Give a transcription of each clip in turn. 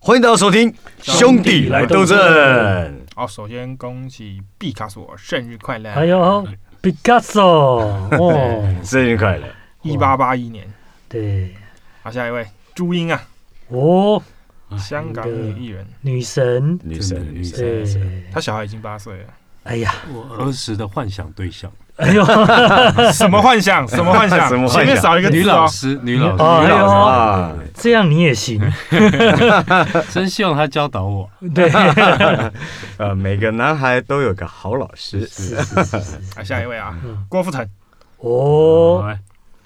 歡迎大家收聽《兄弟來鬥陣》哦。好，首先恭喜畢卡索生日快樂！還有畢卡索，哦，生日快樂！一八八一年。對，好、啊，下一位朱茵啊，哦、啊，香港女藝人，女神，女神，女神，她小孩已經八歲了。哎呀，我兒時的幻想對象。哎呦，什麼幻想？什麼幻想？前面少一個、哦、女老師，女老，師、哦女老師。啊，這樣你也行？ 真希望他教導我。對。 呃，每個男孩都有個好老師。是，是，是，是，是、啊、下一位啊，郭富城。哦。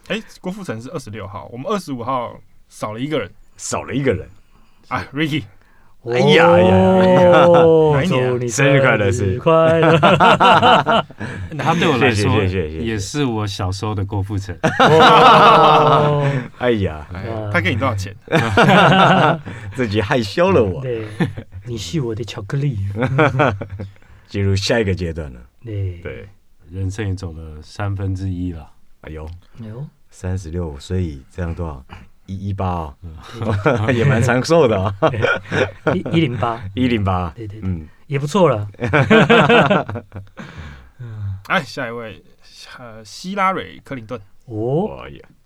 哎、欸，郭富城是二十六號，我們二十五號少了一個人。少了一個人。哎、啊、Ricky。哎呀、哦、哎呀祝你！生日快樂！生日快樂！ 那他對我來說謝謝，也是我小時候的郭富城。 哎呀，哎，他給你多少錢？ 自己害羞了我。我 你是我的巧克力。進 入下一個階段了。對，人生也走了三分之一了。哎呦，三十六，所以這樣多少？ 一一八啊，也蠻長壽的，一一零八，一零八，對對，嗯，也不錯了，嗯，哎，下一位，希拉瑞·克林頓，哦，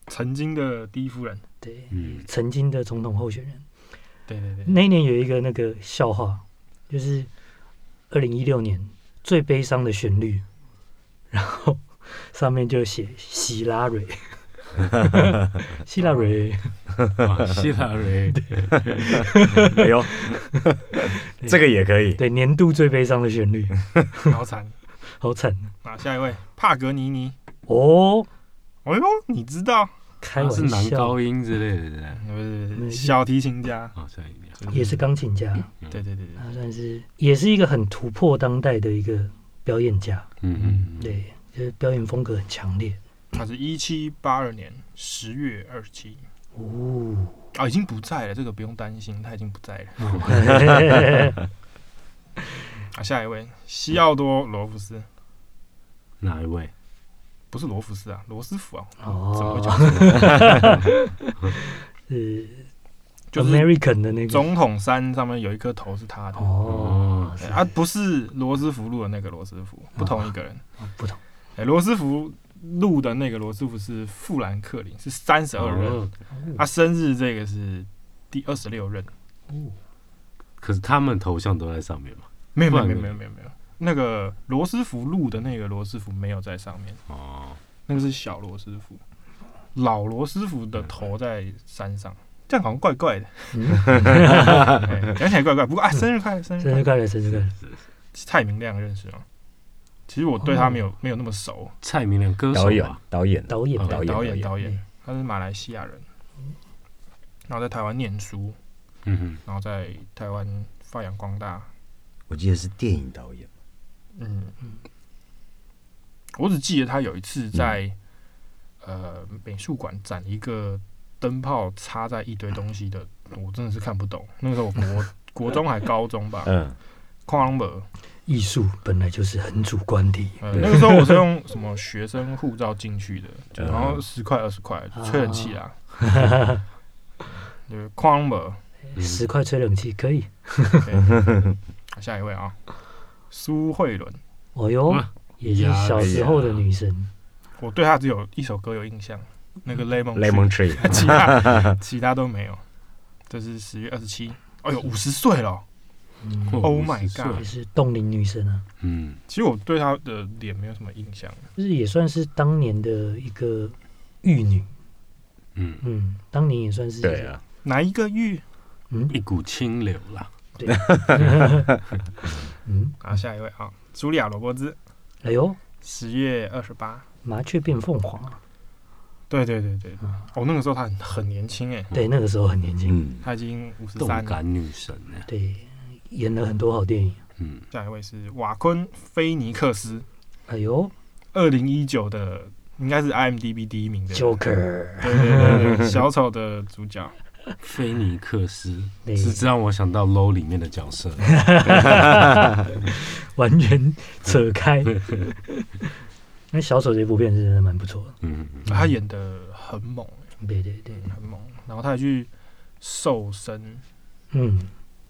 曾經的第一夫人，對，嗯，曾經的總統候選人，對對對，對，那一年有一個那個笑話，就是二零一六年最悲傷的旋律，然後上面就寫希拉瑞。哈， 希拉蕊蕊，哈， 希拉蕊， 哎呦， 這個也可以，對對。對，年度最悲傷的旋律， 好慘，好慘。啊，下一位，帕格尼尼。哦，哎呦，你知道，開玩笑，他是男高音之類的，是是，對不對，小提琴家也是鋼琴家、嗯。對對對對，啊、算是也是一個很突破當代的一個表演家。嗯嗯嗯，對，就是表演風格很強烈。他是一七八二年十月二十七，哦、啊，已經不在了，這個不用擔心，他已經不在了。 啊、下一位，西奧多羅浮斯·羅斯哪一位？不是羅浮斯啊，羅斯福啊，哦、怎是， 就是 American 的那個總統山上面有一顆頭是他的他，哦啊、不是羅斯福路的那個羅斯福，啊，不同一個人，啊、不同，哎，欸，羅斯福。路的那個羅斯福是富蘭克林，是三十二任，他、哦哦啊、生日這個是第二十六任。可是他們頭像都在上面嗎？沒有沒有沒有沒有沒有，那個羅斯福路的那個羅斯福沒有在上面、哦、那個是小羅斯福，老羅斯福的頭在山上，這樣好像怪怪的，講起來怪怪。不過啊，生日快樂、嗯，生日快樂，生日快樂！是是，是蔡明亮認識嗎？其實我對他沒有、哦、沒有那麼熟。蔡明亮，歌手、導演，導，演 okay, 導演、導演、導演、導演、導演，他是馬來西亞人，然後在台灣念書、嗯，然後在台灣發揚光大。我記得是電影導演。嗯嗯。我只記得他有一次在、嗯、呃美術館展一個燈泡插在一堆東西的，我真的是看不懂。那個時候我國 國中還高中吧， 嗯藝術本來就是很主觀的、嗯。那個時候我是用什麼學生護照進去的， 然後十塊二十塊吹冷氣啊，啊 就是框爾。十塊吹冷氣可以 。下一位啊，蘇慧倫。哦呦、嗯，也是小時候的女神。嗯、我對她只有一首歌有印象，那個《Lemon Tree，》 其他其他都沒有。這、就是十月二十七。哎呦，五十歲了。Oh my god！也是凍齡女神啊。嗯，其實我對她的臉沒有什麼印象。就是也算是當年的一個玉女。嗯嗯，當年也算是對啊。哪一個玉？嗯，一股清流啦。對。 嗯，然後下一位啊，茱莉亞·羅伯茲。哎呦，十月二十八，麻雀變鳳凰，啊。對對對對，嗯。哦，那個時候她很，很年輕哎，嗯。對，那個時候很年輕。嗯，她已經五十三。動感女神哎。對。演了很多好電影，嗯，下一位是瓦昆·菲尼克斯，哎呦，二零一九的應該是 IMDB 第一名的 Joker，對對對 小丑的主角，菲尼克斯只是讓我想到 Low 裡面的角色， 完全扯開，那 小丑這部片是真的蠻不錯，嗯，嗯啊、他演的很猛，對對對、嗯，很猛，然後他還去瘦身，嗯，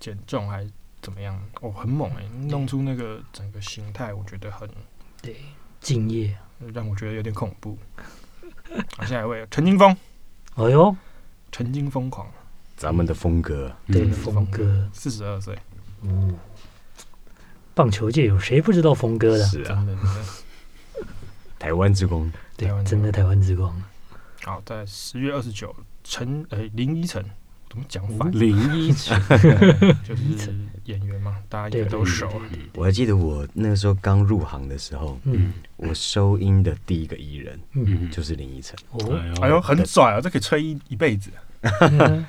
減重還。怎麼樣？哦，很猛哎、欸！弄出那個整個形態，我覺得很對敬業，讓我覺得有點恐怖。 啊、下一位陳金鋒，哎呦，陳金瘋狂，咱們的鋒哥、嗯，對鋒哥，四十二歲，嗯、哦，棒球界有誰不知道鋒哥的？是啊， 台灣之光，對台，真的台灣之光。好，在十月二十九，陳、欸、呃林依晨。怎麼講法、呃？林依晨 就是演員嘛，大家也都熟、啊。我還記得我那個時候剛入行的時候，嗯，我收音的第一個藝人，嗯，就是林依晨。哦、哎，哎呦，很拽啊，這可以吹一輩子、嗯。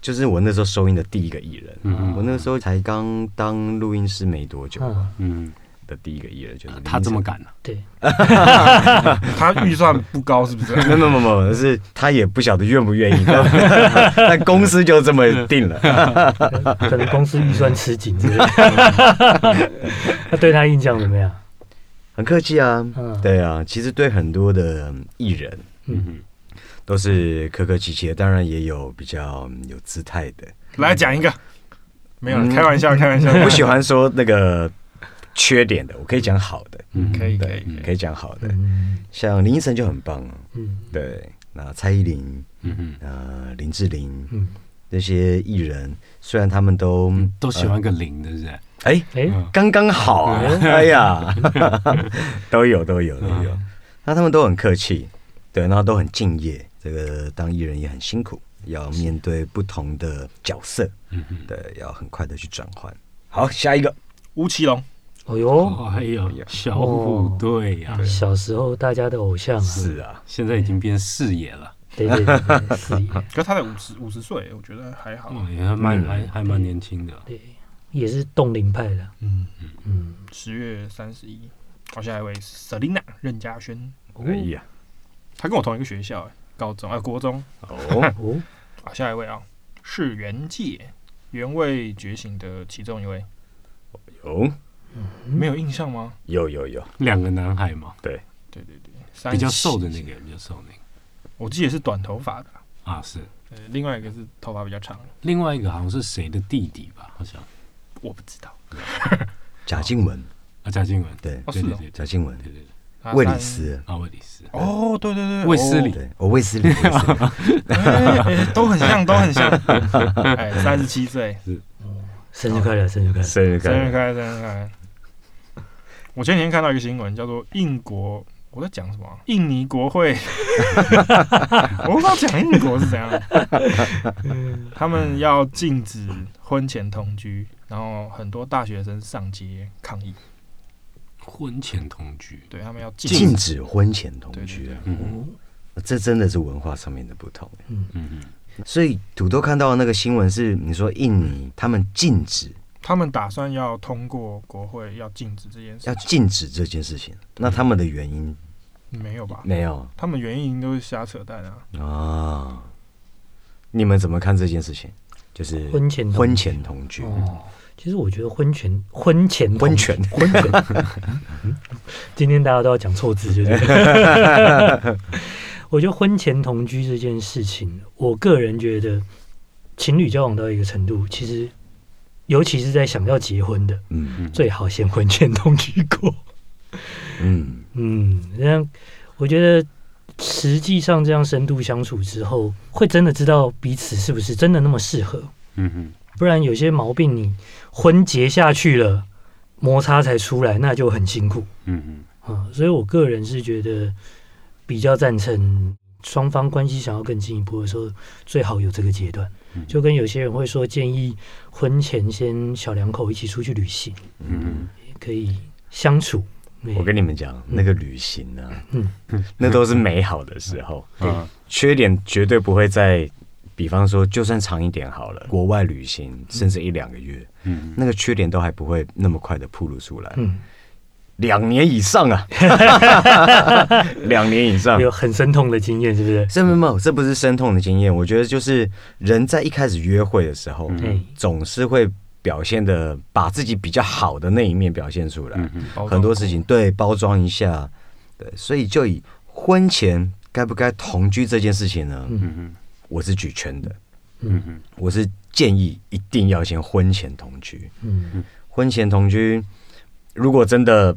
就是我那時候收音的第一個藝人，嗯，我那時候才剛當錄音師沒多久、啊，嗯。嗯的第一個藝人就是、啊，他這麼敢呢、啊？對， 他預算不高，是不是？沒有沒有沒有，是他也不曉得願不願意， 但公司就這麼定了。 可能公司預算吃緊。他 對他印象怎麼樣？很客氣啊，對啊，其實對很多的藝人、嗯嗯，都是客客氣氣，當然也有比較有姿態的。來講、嗯、一個，沒有，開玩笑，嗯、開玩笑，開玩笑 不喜歡說那個。缺點的，我可以講好的，嗯，對，可以可以，可可以講好的，嗯、像林依晨就很棒哦，嗯，對，那蔡依林，嗯嗯，那林志玲，嗯，那些藝人，雖然他們都、嗯、都喜歡個林，是不是？哎、欸、哎，剛剛好啊、欸，哎呀， 都有都有都有，嗯、那他們都很客氣，對，那都很敬業，這個當藝人也很辛苦，要面對不同的角色，嗯，對，要很快的去轉換。好，下一個，吳奇隆。哎呦、哦！哎呦，小虎隊呀、哦啊啊啊啊，小時候大家的偶像啊。是啊，現在已經變四爺了、哎。對對對，對，四爺。是啊、 可是他才五十五十歲，我覺得還好，哦哎、蠻、嗯、還還蠻年輕的。對，也是凍齡派的。嗯嗯十、嗯、月三十一，好，下一位，Selina，任家萱、哦。哎呀，他跟我同一個學校，哎，高中哎、啊，國中。哦哦，好、啊、下一位啊，是元界元位覺醒的其中一位。哦、哎嗯、沒有印象嗎？有有有，兩個男孩嗎？對對對對，比較瘦的那個，比較瘦的那個，我記得是短頭髮的啊，是。另外一個是頭髮比較長的，另外一個好像是誰的弟弟吧？好像我不知道。賈靜雯啊，賈靜雯，對對對，賈靜雯，對對對，魏理斯啊、哦，魏理斯，哦，對對對，魏斯里，我魏斯里、 欸欸，都很像，都很像，哎、 欸，三十七歲，是，生日快樂，生日快樂，生日快樂，生日快樂，生日快樂。我前幾天看到一個新聞，叫做“印國”，我在講什麼、啊？印尼國會 我不知道講印國是怎樣、嗯。他們要禁止婚前同居，然後很多大學生上街抗議。婚前同居，對他們要禁止，禁止婚前同居對對對嗯。嗯，這真的是文化上面的不同。嗯嗯嗯。所以土豆看到那個新聞是，你說印尼他們禁止。他們打算要通過國會要禁止這件事，要禁止這件事情。那他們的原因沒有吧？沒有、啊，他們原因都是瞎扯淡啊。啊、哦。你們怎麼看這件事情？就是婚前同居婚前同居、嗯。其實我覺得婚前婚前同居婚前婚前， 今天大家都要講錯字就， 我覺得婚前同居這件事情，我個人覺得情侶交往到一個程度，其實。尤其是在想要結婚的，嗯嗯，最好先婚前同居過，嗯嗯，這樣我覺得實際上這樣深度相處之後，會真的知道彼此是不是真的那麼適合，嗯，嗯，不然有些毛病你婚結下去了，摩擦才出來，那就很辛苦，嗯嗯，啊，所以我個人是覺得比較贊成雙方關係想要更進一步的時候，最好有這個階段。就跟有些人會說，建議婚前先小兩口一起出去旅行，嗯，可以相處。我跟你們講，嗯，那個旅行呢，啊嗯嗯，那都是美好的時候。嗯，缺點絕對不會在。比方說，就算長一點好了，嗯，國外旅行甚至一兩個月，嗯，那個缺點都還不會那麼快的暴露出來。嗯。兩年以上啊， 兩 年以上 有很生痛的經驗，是不是？沒、嗯、有，這不是生痛的經驗。我覺得就是人在一開始約會的時候，嗯、總是會表現的把自己比較好的那一面表現出來，嗯、很多事情包對包裝一下，對。所以就以婚前該不該同居這件事情呢？嗯嗯，我是舉全的，嗯嗯，我是建議一定要先婚前同居，嗯嗯，婚前同居如果真的。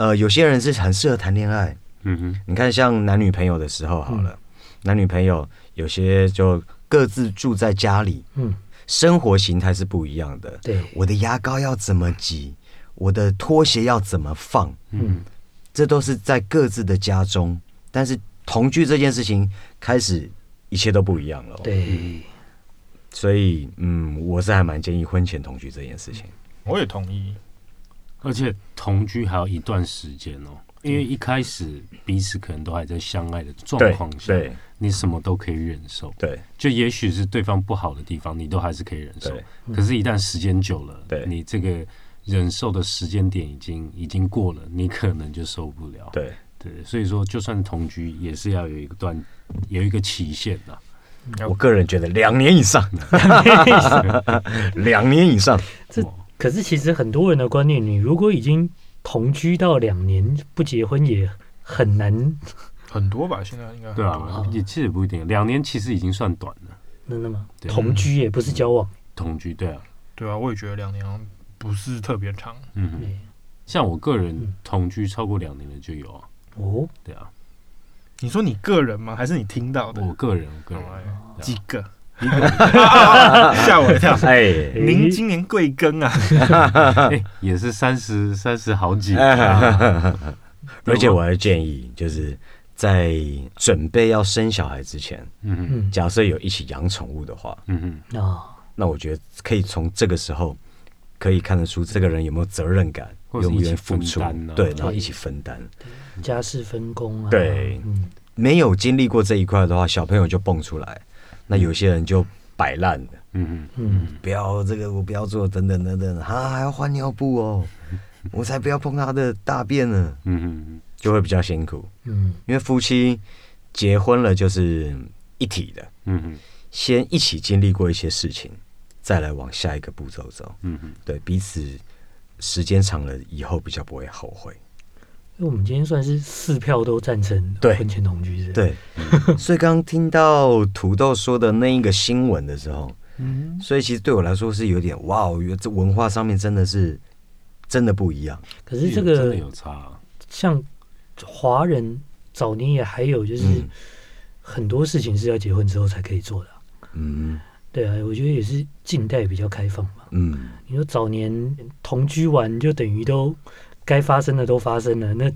呃，有些人是很適合談戀愛。嗯哼，你看，像男女朋友的時候好了，嗯，男女朋友有些就各自住在家裡，嗯，生活形態是不一樣的。對，我的牙膏要怎麼擠，我的拖鞋要怎麼放，嗯，這都是在各自的家中。但是同居這件事情開始一切都不一樣了哦。對，所以嗯，我是還蠻建議婚前同居這件事情。我也同意。而且同居還要一段時間哦，因為一開始彼此可能都還在相愛的狀況下，對對，你什麼都可以忍受。對，就也許是對方不好的地方，你都還是可以忍受。可是，一旦時間久了對，你這個忍受的時間點已經已經過了，你可能就受不了。對，對所以說就算同居，也是要有一段，有一個期限的啊。我個人覺得兩年以上，兩年以上。 可是其實很多人的觀念，你如果已經同居到兩年不結婚，也很難。很多吧，現在應該對啊，也其實也不一定。兩年其實已經算短了。真的嗎？同居也不是交往。嗯嗯、同居對啊，對啊，我也覺得兩年好像不是特別長。嗯，像我個人同居超過兩年的就有啊。哦，對啊。你說你個人嗎？還是你聽到的？我個人，我個人、哦哎啊、幾個。嚇我一跳！哎、啊啊欸，您今年貴庚啊？欸、 也是三十三十好幾、啊、而且我還建議，就是在準備要生小孩之前，嗯嗯，假設有一起養寵物的話，嗯嗯，那我覺得可以從這個時候可以看得出這個人有沒有責任感，嗯、有沒有付出，對，然後一起分擔，家事分工啊。對，嗯、沒有經歷過這一塊的話，小朋友就蹦出來。那有些人就擺爛了，嗯嗯嗯，不要這個我不要做，等等等等，他、啊、還要換尿布哦，我才不要碰他的大便呢，嗯嗯嗯，就會比較辛苦，嗯，因為夫妻結婚了就是一體的，嗯嗯，先一起經歷過一些事情，再來往下一個步驟走，嗯嗯，對，彼此時間長了以後比較不會後悔。因為我們今天算是四票都贊成婚前同居，是是，是對，對，所以剛聽到土豆說的那一個新聞的時候，嗯， 所以其實對我來說是有點哇，我覺得這文化上面真的是真的不一樣。可是這個真的有差啊，像華人早年也還有就是很多事情是要結婚之後才可以做的啊。嗯，對啊，我覺得也是近代比較開放嘛。嗯，你說早年同居完就等於都。該發生的都發生了，那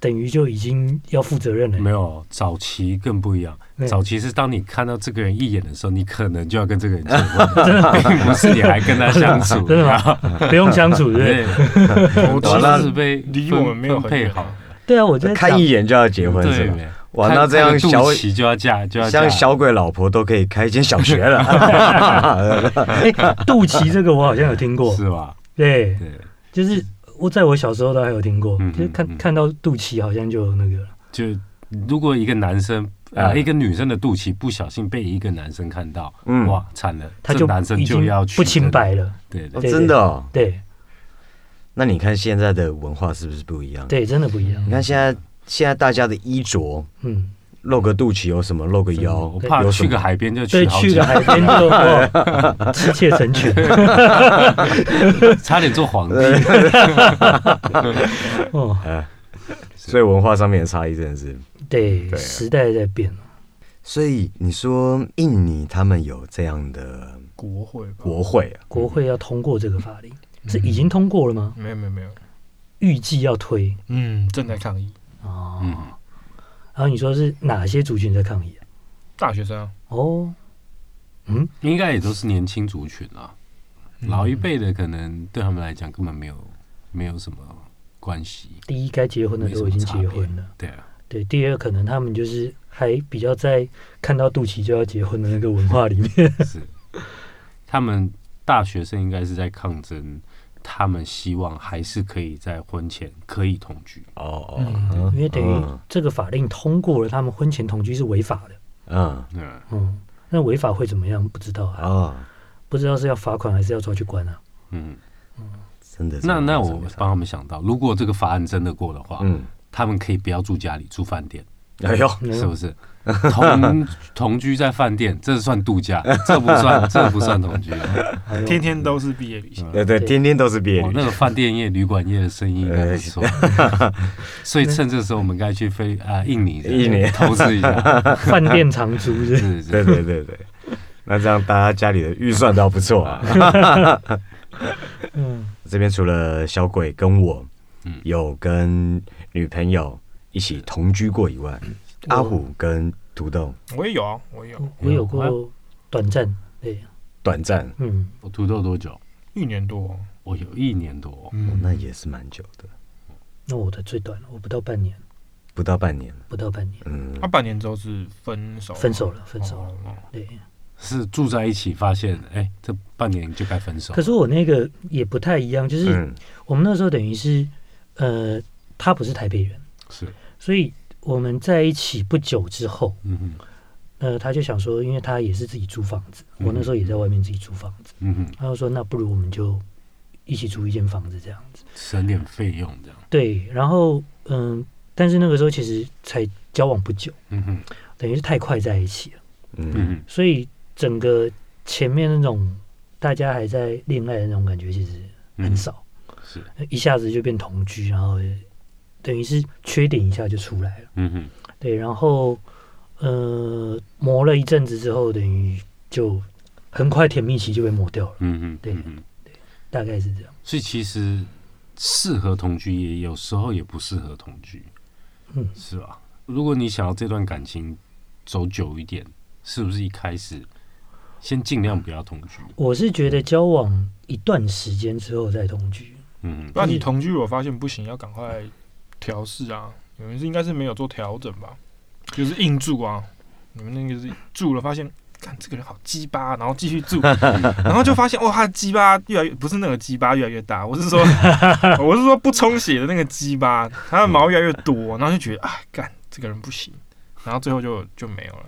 等於就已經要負責任了。嗯、沒有早期更不一樣，早期是當你看到這個人一眼的時候，你可能就要跟這個人結婚， 真的並嗎 不是你還跟他相處， 真的嗎 不用相處是是，對。早是被配，我們沒有配好。對啊，我覺得看一眼就要結婚是吧？那這樣肚臍就要嫁，就要像小鬼老婆都可以開一間小學了。哎、 欸，肚臍這個我好像有聽過，是吧？對，對就是。在我小時候，都還有聽過，嗯嗯嗯，就看看到肚臍，好像就有那個了。就如果一個男生啊、呃嗯，一個女生的肚臍不小心被一個男生看到，嗯哇，慘了，他就男生就要去不清白了，這個、對、對、對、哦，真的、哦，對。那你看現在的文化是不是不一樣？對，真的不一樣。你看現在現在大家的衣着，嗯。露個肚臍有什麼？露個腰有，我怕。去個海邊就去。去個海邊就妻妾成群 差點做皇帝。 哦，所以文化上面的差異真的是。對，對啊、時代在變，所以你說印尼他們有這樣的國會？國會啊，國會要通過這個法令、嗯，是已經通過了嗎？沒有沒有沒有，預計要推。嗯，正在抗議。哦、啊。嗯。然、啊、後你說是哪些族群在抗議、啊？大學生哦、啊，oh? 嗯，應該也都是年輕族群啊、嗯。老一輩的可能對他們來講根本沒有沒有什麼關係。第一，該結婚的都已經結婚了，對啊，對。第二，可能他們就是還比較在看到肚臍就要結婚的那個文化裡面。 是，他們大學生應該是在抗爭。他們希望還是可以在婚前可以同居哦，哦、嗯，因為等於這個法令通過了，他們婚前同居是違法的嗯嗯，嗯，那違法會怎麼樣？不知道啊，哦、不知道是要罰款還是要抓去關啊？嗯嗯，真的，那那我幫他們想到，如果這個法案真的過的話，嗯，他們可以不要住家裡，住飯店，哎呦，是不是？哎同同居在飯店，這是算度假，這不算，這不算同居。天天都是畢業旅行，嗯、對，對對，天天都是畢業旅行。那個飯店業、旅館業的生意，應該不錯。所以趁這個時候，我們該去飛啊，印尼，印尼投資一下。飯店長租是。對對對對，那這樣大家家裡的預算倒不錯啊。 這邊除了小鬼跟我，有跟女朋友一起同居過以外。阿虎跟土豆，我也有啊，我也有，嗯，我有過短暫、啊，對呀，短暫，嗯，我土豆，多久？一年多，哦，我有一年多，哦、嗯、哦，那也是蠻久的。那我的最短我不到半年，不到半年，不到半年，嗯、啊，半年之後是分手。分手了，分手了，哦、嗯、對，是住在一起發現，哎，欸，這半年就該分手。可是我那個也不太一樣，就是，嗯，我們那時候等於是，呃，他不是台北人，是，所以。我們在一起不久之後，嗯嗯，呃，他就想說，因為他也是自己租房子，嗯，我那時候也在外面自己租房子，嗯嗯，他就說，那不如我們就一起租一間房子這樣子，省點費用這樣。對，然後嗯，呃，但是那個時候其實才交往不久，嗯，等於是太快在一起了，嗯嗯，所以整個前面那種大家還在戀愛的那種感覺其實很少，嗯、是、呃、一下子就變同居，然後。等於是缺點一下就出來了，嗯嗯，對，然後呃磨了一陣子之後，等於就很快甜蜜期就被磨掉了，嗯嗯，對，對，大概是這樣。所以其實適合同居，也有時候也不適合同居，嗯，是吧？如果你想要這段感情走久一點，是不是一開始先盡量不要同居？我是覺得交往一段時間之後再同居，嗯，那你同居我發現不行，要趕快，調試啊，你們是應該是沒有做調整吧？就是硬住啊，你們那個是住了，發現看這個人好雞巴，啊，然後繼續住，然後就發現哇，他的雞巴越來越不是那個雞巴越來越大，我是說我是說不充血的那個雞巴，它的毛越來越多，然後就覺得啊，幹、哎，這個人不行，然後最後就就沒有了。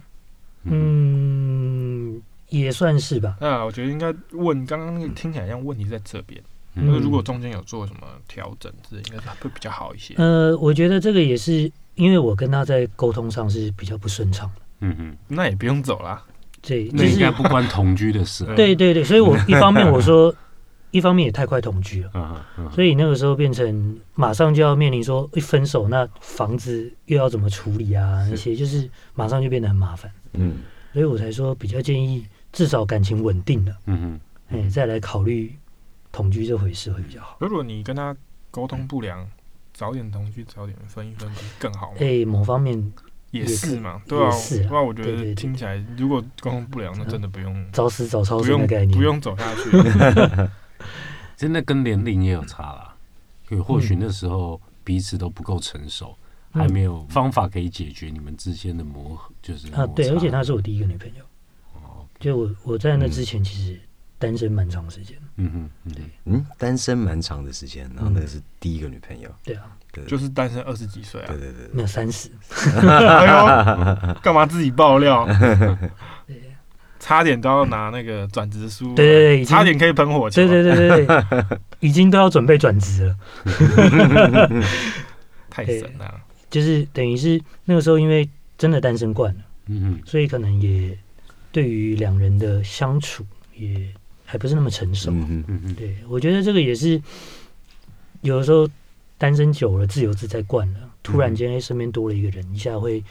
嗯，也算是吧。啊，我覺得應該問剛剛那個聽起來像問題在這邊。那如果中間有做什麼調整，這、嗯、應該是會比較好一些。呃，我覺得這個也是因為我跟他在溝通上是比較不順暢的。嗯，嗯那也不用走了。這那也應該不關同居的事。對，對對對，所以我一方面我說， 一方面也太快同居了、嗯嗯。所以那個時候變成馬上就要面臨說一分手，那房子又要怎麼處理啊？那些就是馬上就變得很麻煩。嗯，所以我才說比較建議至少感情穩定了。嗯嗯，哎、欸，再來考慮。同居這回事會比較好。如果你跟他溝通不良，嗯，早點同居，早點分一分更好嗎？哎、欸，某方面也是，也是嘛，對吧、啊？是、啊，那、啊、我覺得對對對對聽起來，如果溝通不良，那、啊、真的不用早死早超生的概念，不用走下去。 真的跟年齡也有差了，嗯、或許那時候彼此都不夠成熟、嗯，還沒有方法可以解決你們之間的磨合、嗯，就是啊，對，而且她是我第一個女朋友，哦，就我我在那之前其實、嗯。單身蠻長的時間，嗯嗯嗯，單身蠻長的時間，然後那個是第一個女朋友，嗯、對啊，對就是單身二十幾歲啊，對對對，沒有三十， 哎呦，幹嘛自己爆料？ 對，對，對，對，差點都要拿那個轉職書，對對對，差點可以噴火，對對對對對，已經都要準備轉職了， 太神了、啊欸，就是等於是那個時候因為真的單身慣了，嗯嗯，所以可能也對於兩人的相處也，還不是那麼成熟、嗯，對，我覺得這個也是有的時候單身久了，自由自在慣了，突然間身邊多了一個人、嗯，一下會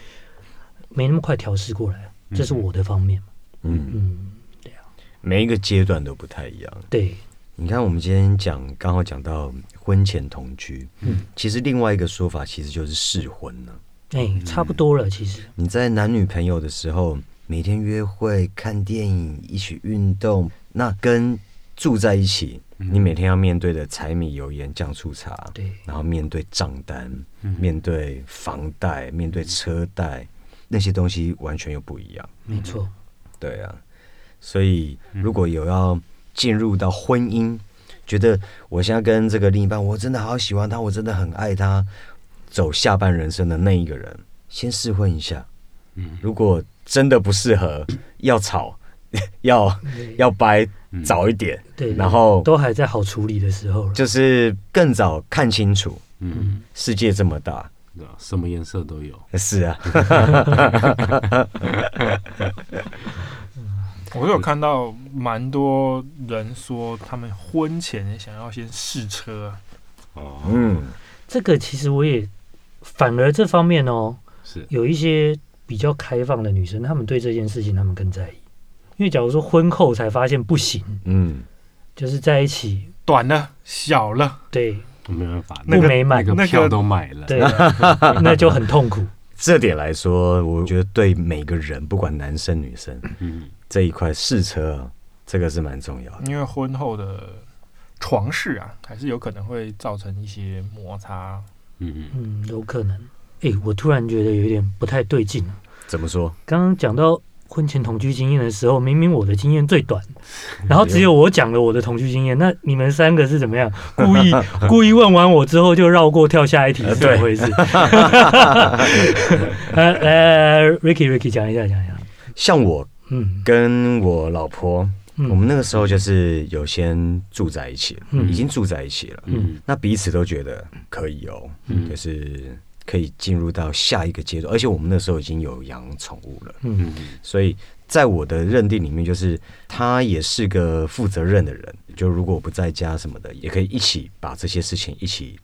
沒那麼快調適過來、嗯，這是我的方面嘛，嗯嗯，對啊，每一個階段都不太一樣，對，你看我們今天講剛好講到婚前同居，嗯，其實另外一個說法其實就是試婚了、啊，哎、欸，差不多了，嗯、其實你在男女朋友的時候，每天約會、看電影、一起運動。那跟住在一起、嗯，你每天要面對的柴米油鹽醬醋茶，對，然後面對賬單、嗯，面對房貸，面對車貸、嗯，那些東西完全又不一樣。沒、嗯、錯，對啊，所以如果有要進入到婚姻、嗯，覺得我現在跟這個另一半，我真的好喜歡他，我真的很愛他，走下半人生的那一個人，先試婚一下。嗯，如果真的不適合要、嗯，要吵， 要要掰早一點，嗯、然後都還在好處理的時候，就是更早看清楚，嗯，世界這麼大，什麼顏色都有，是啊， 我有看到蠻多人說他們婚前想要先試車，哦、嗯，嗯，這個其實我也反而這方面哦，是有一些比較開放的女生，他們對這件事情他們更在意。因為假如說婚後才發現不行，嗯，就是在一起短了，小了，對，沒辦法，那個、那個那個票都買了，對， 那就很痛苦。這點來說，我覺得對每個人，不管男生女生，嗯，嗯這一塊試車，這個是蠻重要的。因為婚後的床事啊，還是有可能會造成一些摩擦，嗯嗯嗯，有可能。哎，我突然覺得有點不太對勁。怎麼說？剛剛講到婚前同居經驗的時候，明明我的經驗最短，然後只有我講了我的同居經驗，那你們三個是怎麼樣？故意 故意問完我之後就繞過跳下一題，是怎麼回事？ 對 來來來,來，Ricky Ricky 講一下講一下。像我，嗯，跟我老婆、嗯，我們那個時候就是有先住在一起，嗯嗯、已經住在一起了嗯，嗯，那彼此都覺得可以哦，嗯、就是。可以進入到下一個階段，而且我們那時候已經有養寵物了，嗯，所以在我的認定裡面，就是他也是個負責任的人，就如果我不在家什麼的，也可以一起把這些事情一起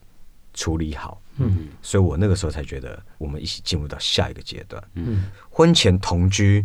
處理好，嗯，所以我那個時候才覺得我們一起進入到下一個階段，嗯，婚前同居。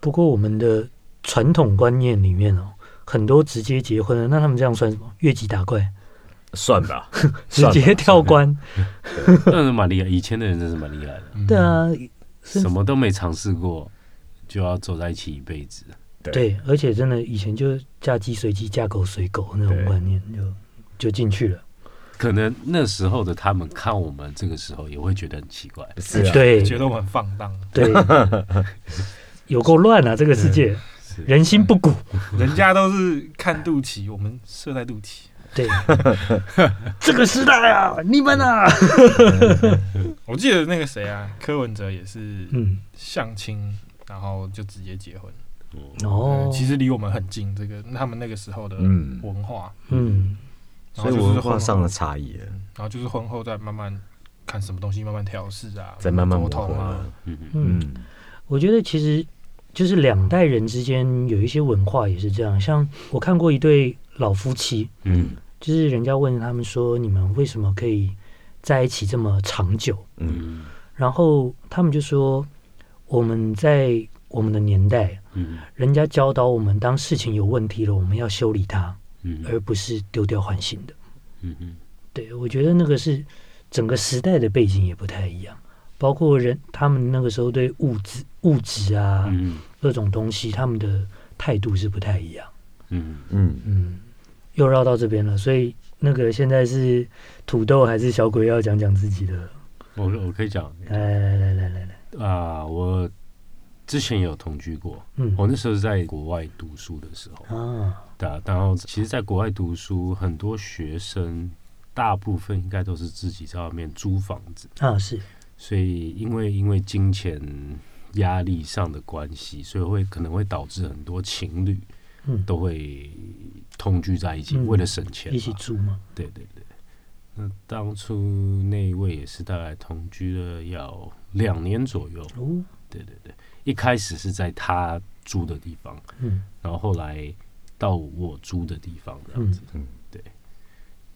不過我們的傳統觀念裡面哦，很多直接結婚的，那他們這樣算什麼？越級打怪？算吧， 直接跳關。那 是蠻厲害，以前的人真的是蠻厲害的。對、嗯、啊，什麼都沒嘗試過，就要走在一起一輩子對。對，而且真的以前就嫁雞隨雞，嫁狗隨狗那種觀念就，就就進去了。可能那時候的他們看我們這個時候，也會覺得很奇怪，是啊，對，對覺得我們很放蕩。對。 有夠亂啊，這個世界，嗯、人心不古、嗯，人家都是看肚臍， 我們射在肚臍。對， 這個時代啊，你們啊。 我記得那個誰啊，柯文哲也是相親、嗯，然後就直接結婚。哦嗯、其實離我們很近，這個他們那個時候的文化，嗯，然後就是後後、嗯、文化上的差異，然後就是婚後，後再慢慢看什麼東西，慢慢調適啊，再慢慢溝通啊。嗯 嗯，我覺得其實。就是兩代人之間有一些文化也是這樣，像我看過一對老夫妻，嗯，就是人家問他們說：“你們為什麼可以在一起這麼長久？”嗯，然後他們就說：“我們在我們的年代，嗯，人家教導我們，當事情有問題了，我們要修理它，嗯，而不是丟掉換新的。”嗯，嗯嗯，對，我覺得那個是整個時代的背景也不太一樣。包括人，他們那個時候對物質、物質啊，嗯，各種東西，他們的態度是不太一樣。嗯嗯嗯，又繞到這邊了。所以那個現在是土豆還是小鬼要講講自己的？我我可以講。來來來來來來啊！我之前有同居過。嗯，我那時候在國外讀書的時候啊，對，然後其實，在國外讀書，很多學生大部分應該都是自己在外面租房子啊，是。所以，因為因為金錢壓力上的關係，所以會可能會導致很多情侶，都會同居在一起，為了省錢一起住嘛？對對對。那當初那一位也是大概同居了要兩年左右。對對對，一開始是在他住的地方，然後後來到我租的地方這樣子，嗯，對，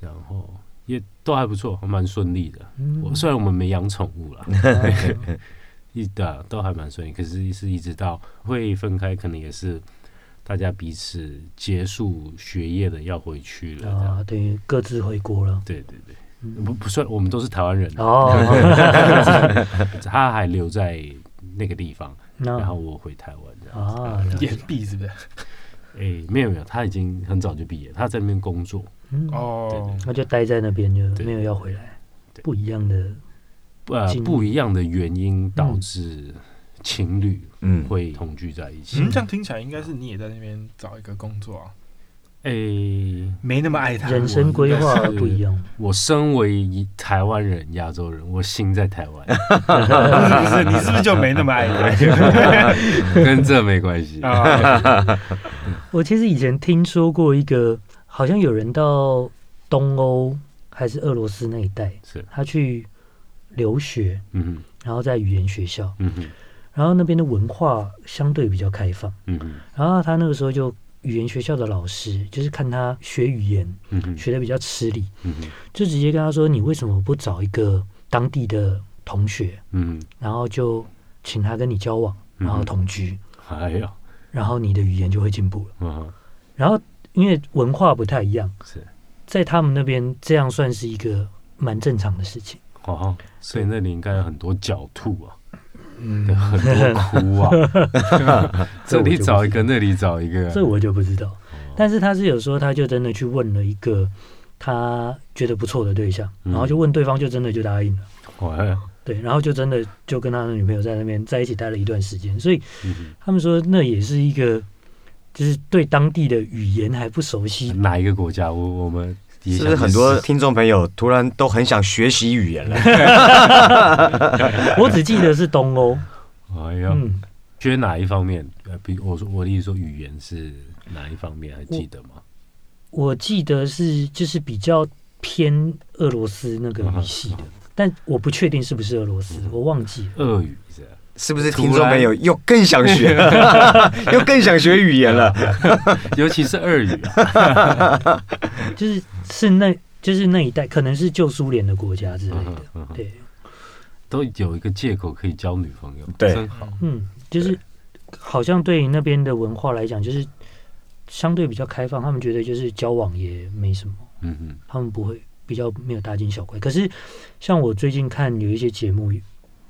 然後。也都還不錯，還蠻順利的，嗯。雖然我們沒養寵物了，一、啊、的都還蠻順利。可是是一直到會分開，可能也是大家彼此結束學業的要回去了等於、啊、各自回國了。對對對，嗯、不不算，我們都是台灣人、哦哦、 他還留在那個地方，然後我回台灣這樣啊，畢業是不是？哎、 欸，沒有沒有，他已經很早就畢業，他在那邊工作。哦、嗯，那、oh, 就待在那邊，就沒有要回來。不一樣的，呃、啊，不一樣的原因導致情侶嗯會同居在一起。形、嗯、象聽起來應該是你也在那邊找一個工作啊？誒、欸，沒那麼愛他。人生規劃不一樣。對對對，我身為一台灣人、亞洲人，我心在台灣。你是不是就沒那麼愛他？跟這沒關係。Oh, okay. 我其實以前聽說過一個。好像有人到東歐還是俄羅斯那一帶，他去留學，嗯，然後在語言學校，嗯，然後那邊的文化相對比較開放，嗯，然後他那個時候就語言學校的老師就是看他學語言，嗯，學得比較吃力，嗯，就直接跟他說：“你為什麼不找一個當地的同學？嗯，然後就請他跟你交往，然後同居，嗯、然後你的語言就會進步了。”嗯，然後。因為文化不太一樣，是在他們那邊這樣算是一個蠻正常的事情。哦,哦，所以那裡應該有很多狡兔啊，嗯，很多窟啊， 這裡找一個， 那裡找一個，這我就不知道。哦、但是他是有時候他就真的去問了一個他覺得不錯的對象、嗯，然後就問對方就真的就答應了、哦。對，然後就真的就跟他的女朋友在那邊在一起待了一段時間，所以他們說那也是一個。就是對當地的語言還不熟悉，哪一個國家？我我們也是很多聽眾朋友突然都很想學習語言了。 我只記得是東歐。哎呀，嗯，學哪一方面？比我說，我的意思說語言是哪一方面還記得嗎？我，我記得是就是比較偏俄羅斯那個語系的，但我不確定是不是俄羅斯，我忘記了、嗯、俄語是。是不是聽眾朋友又更想學， 又更想學語言了 尤其是俄語，啊， 就是是那，就是那一代，可能是舊蘇聯的國家之類的，對，都有一個借口可以交女朋友，對，好，嗯，就是好像對那邊的文化來講，就是相對比較開放，他們覺得就是交往也沒什麼，嗯嗯，他們不會比較沒有大驚小怪。可是像我最近看有一些節目。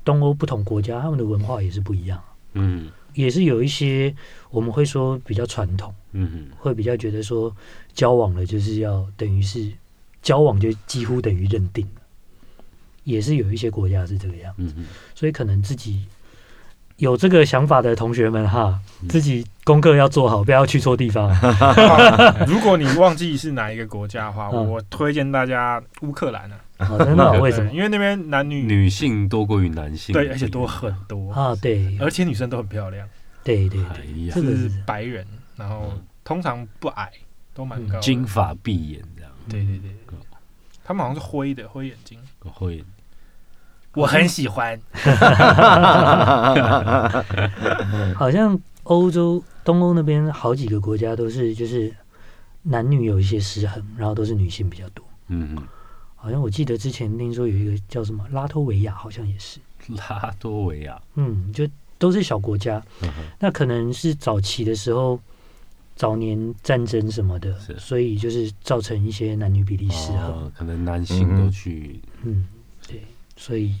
東歐不同國家，他們的文化也是不一樣的。嗯，也是有一些我們會說比較傳統。嗯嗯，會比較覺得說交往了就是要等於是交往，就幾乎等於認定了。也是有一些國家是這個樣子，嗯。所以可能自己有這個想法的同學們哈，嗯，自己功課要做好，不要去錯地方。 如果你忘記是哪一個國家的話，嗯，我推薦大家烏克蘭呢，啊哦、真的好，為什麼？因為那邊男女女性多過於男性，對，而且多很多啊。對，而且女生都很漂亮。對對對，哎這個、是白人，然後通常不矮，嗯、都蠻高，金髮碧眼這樣。對對對，他們好像是灰的，灰眼睛，灰眼我很喜歡， 好像歐洲東歐那邊好幾個國家都是，就是男女有一些失衡、嗯，然後都是女性比較多。嗯嗯。好像我記得之前聽說有一個叫什麼拉脫維亞，好像也是拉脫維亞，嗯，就都是小國家、嗯，那可能是早期的時候，早年戰爭什麼的，所以就是造成一些男女比例失衡，哦，可能男性都去嗯，嗯，對，所以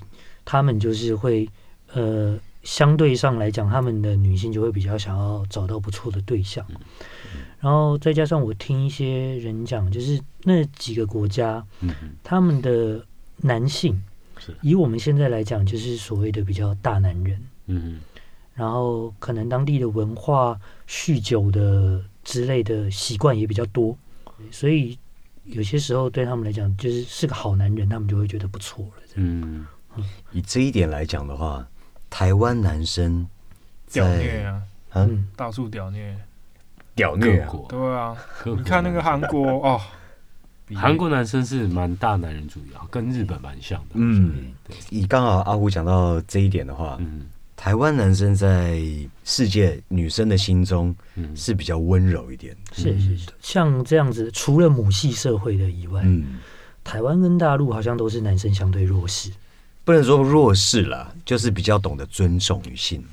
他們就是會呃。相對上來講，他們的女性就會比較想要找到不錯的對象。然後再加上我聽一些人講，就是那幾個國家，嗯、他們的男性是的，以我們現在來講，就是所謂的比較大男人。嗯。然後可能當地的文化、酗酒的之類的習慣也比較多，所以有些時候對他們來講，就是是個好男人，他們就會覺得不錯了。嗯，以這一點來講的話。台灣男生屌虐啊，嗯，到處屌虐，屌虐啊，啊屌虐嗯、屌虐啊。對啊，你看那個韓國 哦，韓國男生是蠻大男人主義啊，跟日本蠻像的。嗯，以剛好阿虎講到這一點的話，嗯、台灣男生在世界女生的心中是比較溫柔一點，是是是，嗯，像這樣子，除了母系社會的以外，嗯、台灣跟大陸好像都是男生相對弱勢。不能說弱勢啦，就是比較懂得尊重女性。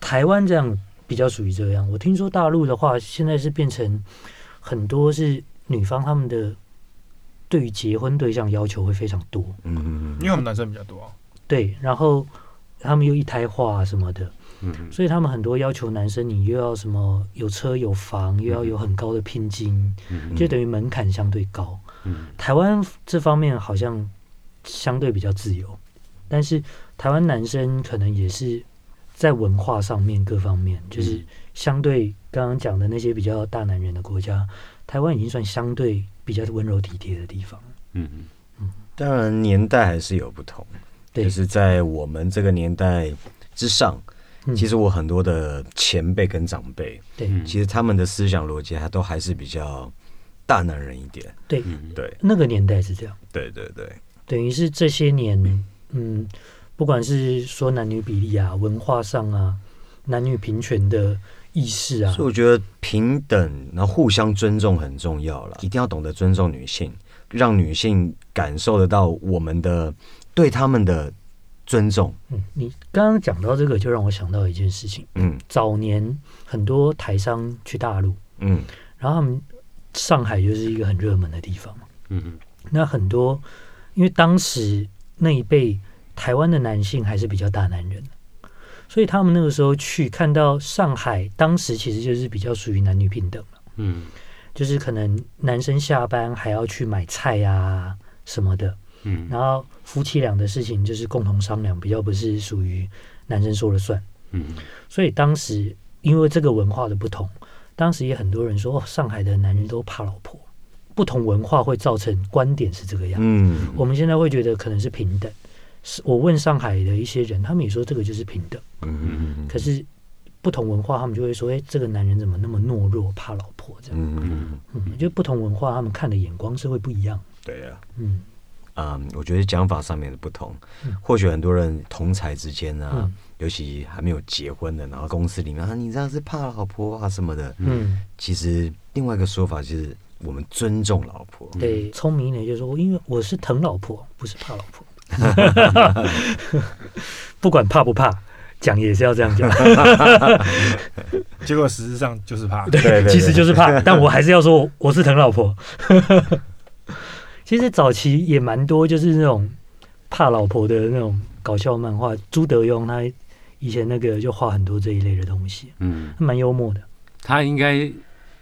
台灣這樣比較屬於這樣。我聽說大陸的話，現在是變成很多是女方他們的對於結婚對象要求會非常多。嗯，因為我們男生比較多。對，然後他們又一胎化什麼的，嗯,嗯，所以他們很多要求男生，你又要什麼有車有房，又要有很高的聘金嗯嗯嗯嗯，就等於門檻相對高。嗯，台灣這方面好像相對比較自由。但是台灣男生可能也是在文化上面各方面，就是相對剛剛講的那些比較大男人的國家，台灣已經算相對比較溫柔體貼的地方。嗯嗯嗯，當然年代還是有不同，對，就是在我們這個年代之上，其實我很多的前輩跟長輩，對，其實他們的思想邏輯還都還是比較大男人一點。對對，對，那個年代是這樣。對對對，等於是這些年。嗯，不管是說男女比例啊、文化上啊、男女平權的意識啊，所以我覺得平等然後互相尊重很重要了，一定要懂得尊重女性，讓女性感受得到我們的對他們的尊重。嗯，你剛剛講到這個，就讓我想到一件事情。嗯，早年很多台商去大陸，嗯，然後他們上海就是一個很熱門的地方嘛。嗯，嗯，那很多因為當時。那一輩台灣的男性還是比較大男人，所以他們那個時候去看到上海，當時其實就是比較屬於男女平等了。嗯，就是可能男生下班還要去買菜啊什麼的，嗯，然後夫妻倆的事情就是共同商量，比較不是屬於男生說了算。嗯，所以當時因為這個文化的不同，當時也很多人說哦，上海的男人都怕老婆。不同文化會造成觀點是這個樣子，嗯。我們現在會覺得可能是平等，是我問上海的一些人，他們也說這個就是平等。嗯，可是不同文化，他們就會說：“哎、欸，這個男人怎麼那麼懦弱，怕老婆這樣？”嗯，嗯，嗯就不同文化，他們看的眼光是會不一樣的。對呀、啊。嗯。嗯，um, 我覺得講法上面的不同，或許很多人同儕之間呢、啊嗯，尤其還沒有結婚的，然後公司裡面、啊，你這樣是怕老婆啊什麼的。嗯。其實另外一個說法就是。我們尊重老婆。對，聰明一點就是說，因為我是疼老婆，不是怕老婆。 不管怕不怕，講也是要這樣講。 結果實質上就是怕，對，對，對，對，對，對，其實就是怕。但我還是要說，我是疼老婆。 其實早期也蠻多，就是那種怕老婆的那種搞笑漫畫。朱德庸他以前那個就畫很多這一類的東西，嗯，蠻幽默的。他應該。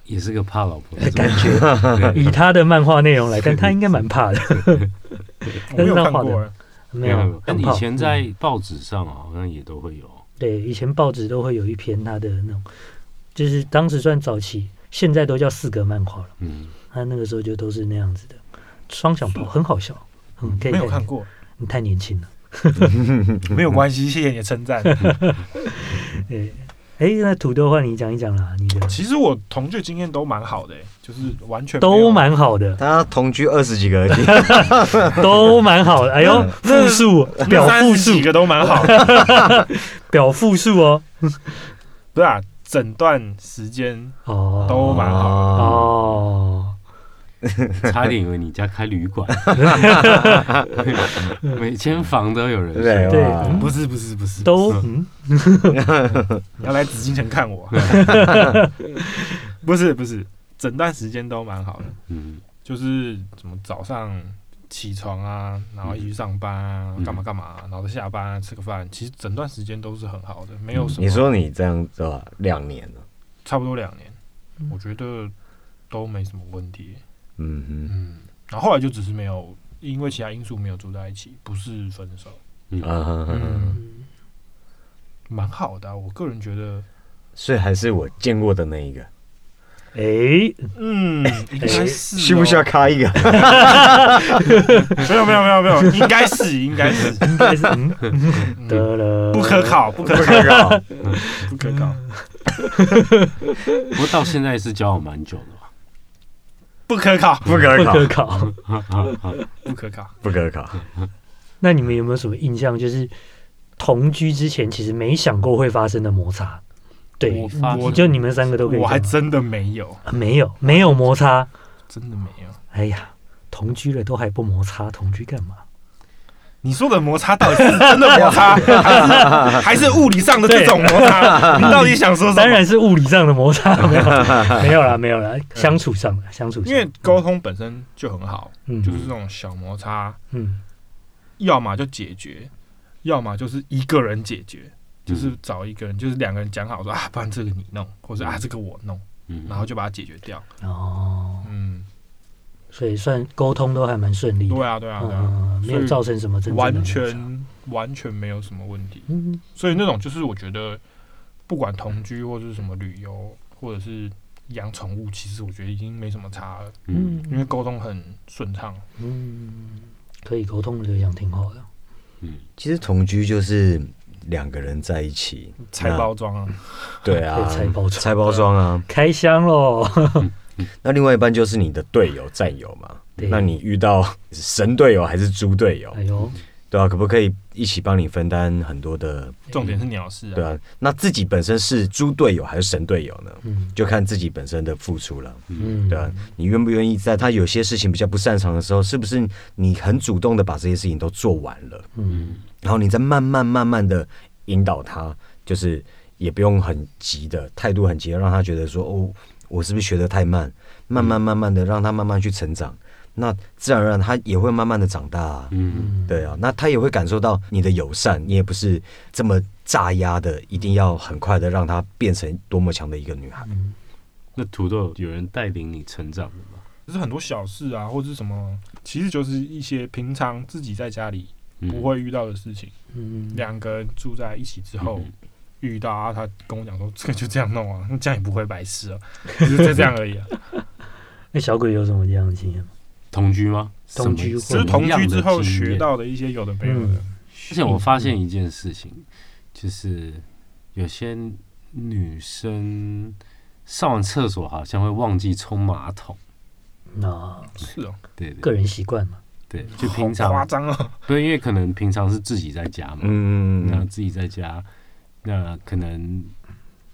也是個怕老婆的感覺。以他的漫畫內容來看，他應該蠻怕的。是的，呵呵，但是畫的，我沒有看過，沒有。以前在報紙上好像也都會有。嗯、對，以前報紙都會有一篇他的那種，就是當時算早期，現在都叫四格漫畫了。嗯。他那個時候就都是那樣子的，雙響炮，很好笑，嗯，可以你。沒有看過，你太年輕了。 沒有關係，謝謝你的稱讚。 對。哎、欸，那土豆換你講一講啦、啊，你的其實我同居經驗都蠻好的、欸，就是完全都蠻好的。他同居二十幾個， 都蠻好的。哎呦，複數表複數，幾個都蠻好的， 表複數哦。對啊，整段時間哦都蠻好哦。Oh, oh. 差點以為你家開旅館， 每間房都有人睡，對、嗯，不是不是不是，不是都，都要來紫禁城看我， 不是不是，整段時間都蠻好的、嗯，就是怎麼早上起床啊，然後去上班啊，幹、嗯、嘛幹嘛，然後下班、啊、吃個飯，其實整段時間都是很好的，沒有什麼、嗯。你說你這樣子兩、啊、年了、啊，差不多兩年、嗯，我覺得都沒什麼問題。嗯嗯嗯，然後後來就只是沒有，因為其他因素沒有住在一起，不是分手。嗯嗯嗯，蠻、嗯嗯、好的，我個人覺得。所以還是我見過的那一個。哎、欸，嗯，欸、應該是、喔。需不需要開一個？沒有沒有沒有沒有，沒有沒有沒有 應該是應該是應該是。得不可靠，不可靠，不可靠。不過、嗯、 到現在是交往蠻久了。不可靠，不可靠，不可靠，不可靠，不可靠。那你們有沒有什麼印象？就是同居之前，其實沒想過會發生的摩擦。對，我發就你們三個都沒有，我還真的沒有，啊、沒有，沒有摩擦真，真的沒有。哎呀，同居了都還不摩擦，同居幹嘛？你說的摩擦到底是真的摩擦， 還是 還是物理上的這種摩擦？你到底想說什麼？當然是物理上的摩擦有沒有？ 沒啦，沒有了，沒有了，相處上、嗯、相處上，因為溝通本身就很好，嗯，就是這種小摩擦，嗯，要麼就解決，要麼就是一個人解決、嗯，就是找一個人，就是兩個人講好說啊，不然這個你弄，或者啊這個我弄，嗯，然後就把它解決掉，哦。所以算溝通都還蠻順利的，對啊對，啊，對啊、嗯、啊，沒有造成什麼真的完全完全沒有什麼問題、嗯。所以那種就是我覺得不管同居或者是什麼旅遊或者是養寵物，其實我覺得已經沒什麼差了。嗯，因為溝通很順暢。嗯，可以溝通的對象挺好的。嗯，其實同居就是兩個人在一起、嗯、拆包裝啊，啊，啊，對啊，拆包裝拆包裝啊，開箱嘍。 嗯那另外一半就是你的隊友戰友嘛。那你遇到神隊友還是豬隊友？哎呦。對啊，可不可以一起幫你分擔很多的，重點是鳥事。啊，對啊，那自己本身是豬隊友還是神隊友呢？嗯，就看自己本身的付出了。嗯，對啊，你願不願意在他有些事情比較不擅長的時候，是不是你很主動的把這些事情都做完了。嗯，然後你再慢慢慢慢的引導他，就是也不用很急的態度，很急的讓他覺得說哦。我是不是學得太慢？慢慢慢慢的讓他慢慢去成長，嗯、那自然而然他也會慢慢的長大、啊。嗯，對啊，那他也會感受到你的友善，你也不是這麼炸壓的、嗯，一定要很快的讓他變成多麼強的一個女孩。嗯、那土豆有人帶領你成長了嗎？就是很多小事啊，或是什麼，其實就是一些平常自己在家裡不會遇到的事情。嗯嗯，兩個人住在一起之後。嗯嗯。遇到啊，他跟我講說，這個就這樣弄啊，那、嗯、這樣也不會白癡啊，就就這樣而已啊。那、欸、小鬼有什麼樣子的經驗嗎？同居嗎？同居是同居之後學到的一些有的沒有的、嗯。而且我發現一件事情，嗯、就是有些女生上完廁所好像會忘記沖馬桶。那是啊、哦，對，對，對，個人習慣嘛。對，就平常。誇張哦。對，因為可能平常是自己在家嘛，嗯，然後自己在家。那、呃、可能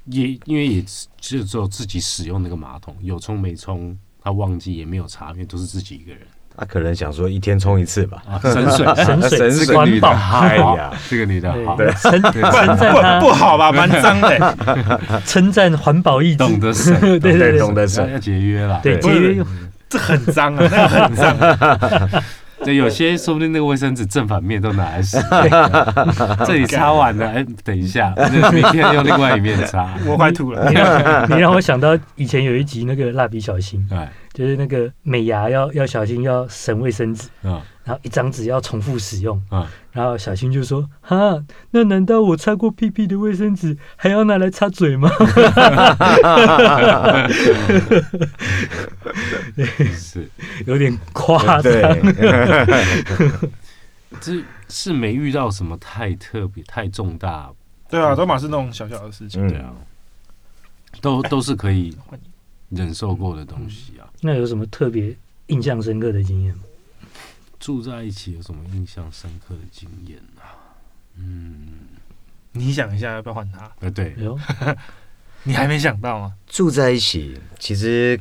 也因為也是只有自己使用那個馬桶，有沖沒沖他忘記也沒有查，因為都是自己一個人。他可能想說一天沖一次吧，省、啊、水省、啊、水環保。哎、啊、呀，是個女的，好、啊這個的好，對，稱稱讚他不，不，不好吧，蠻髒的、欸。稱讚環保意識，懂得水，得對，對對，懂得是，對對對要節約啦，對，節約用。這很髒啊， 那很髒。 對，有些說不定那個衛生紙正反面都拿來洗，這裡擦完了，欸，等一下，你可以用另外一面擦。 我快吐了你你，你讓我想到以前有一集那個蠟筆小新，對，就是那個美伢要要小心要省衛生紙啊。嗯然後一張紙要重複使用啊、嗯，然後小新就說：“哈，那難道我擦過屁屁的衛生紙還要拿來擦嘴嗎？” 是 有點誇誇張 對 這是沒遇到什麼太特別、太重大。對啊，都嘛是那種小小的事情，對啊，都都是可以忍受過的東西啊。嗯、 那有什麼特別印象深刻的經驗嗎？住在一起有什麼印象深刻的經驗啊？嗯，你想一下要不要換他？呃，對，哎、 你還沒想到嗎？住在一起其實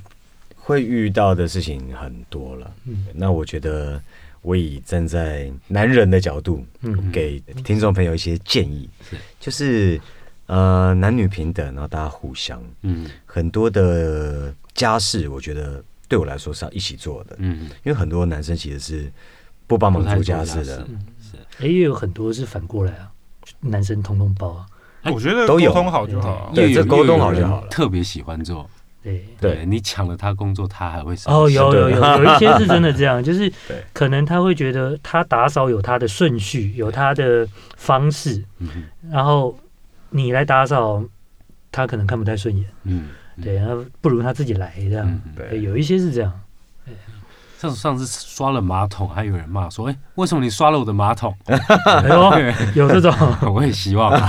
會遇到的事情很多了。嗯，那我覺得我以站在男人的角度，嗯，給聽眾朋友一些建議，是就是呃，男女平等，然後大家互相，嗯，很多的家事，我覺得。對我來說是要一起做的，嗯，因為很多男生其實是不幫忙做家事的，是、嗯，也、欸、有很多是反過來啊，男生通通包啊，我覺得溝通好就好，對，這溝通好就好了，特別喜歡做，對，對你搶了他工作，他還會哦，有，有有有，有一些是真的這樣， 就是，可能他會覺得他打掃有他的順序，有他的方式，然後你來打掃，他可能看不太順眼，嗯。對，然後不如他自己來的、嗯、有一些是這樣。上上次刷了馬桶，還有人罵說：“哎，為什麼你刷了我的馬桶？”有、 哎、有這種， 我也希望。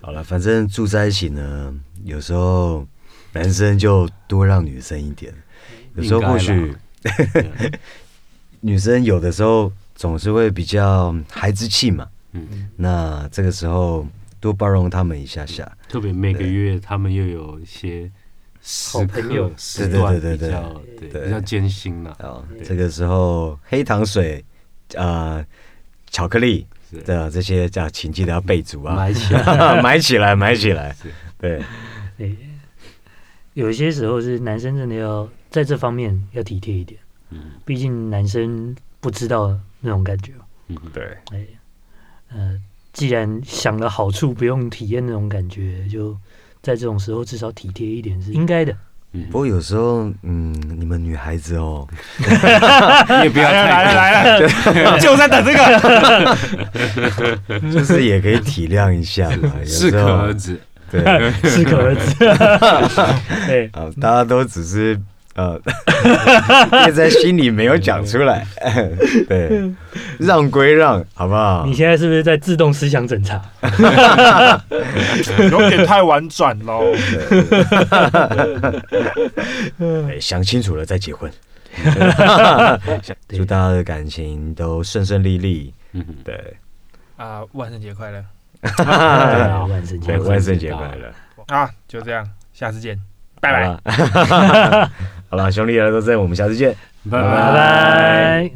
好了，反正住在一起呢，有時候男生就多讓女生一點。有時候或許 女生有的時候總是會比較孩子氣嘛。嗯，那這個時候多包容他們一下下，特別每個月他們又有一些好朋友，對對對對對，對，比較艱辛嘛，啊。這個時候黑糖水，啊，呃，巧克力的，啊，這些叫，叫請記得要備足啊， 買起來，買起來， 買起來。起來，對，對，有些時候是男生真的要在這方面要體貼一點，嗯，畢竟男生不知道那種感覺，嗯，對，哎。呃，既然想了好處不用體驗那種感覺，就在這種時候至少體貼一點是，是應該的。嗯，不過有時候，嗯，你們女孩子哦， 你也不要太多，來了來了來了， 就在等這個， 就是也可以體諒一下，適可而止，對，適可而止，對， 好，大家都只是。呃、uh, 在心裡沒有講出來， 對， 讓歸讓，好不好？你現在是不是在自動思想審查？ 有點太婉轉嘍。想清楚了再結婚。祝大家的感情都順順利利。嗯， 對。啊，萬聖節快樂！萬聖節快樂！萬聖節快樂！啊，就這樣，啊、下次見，拜拜。 好了，兄弟，聊到這，我們下次見，拜拜。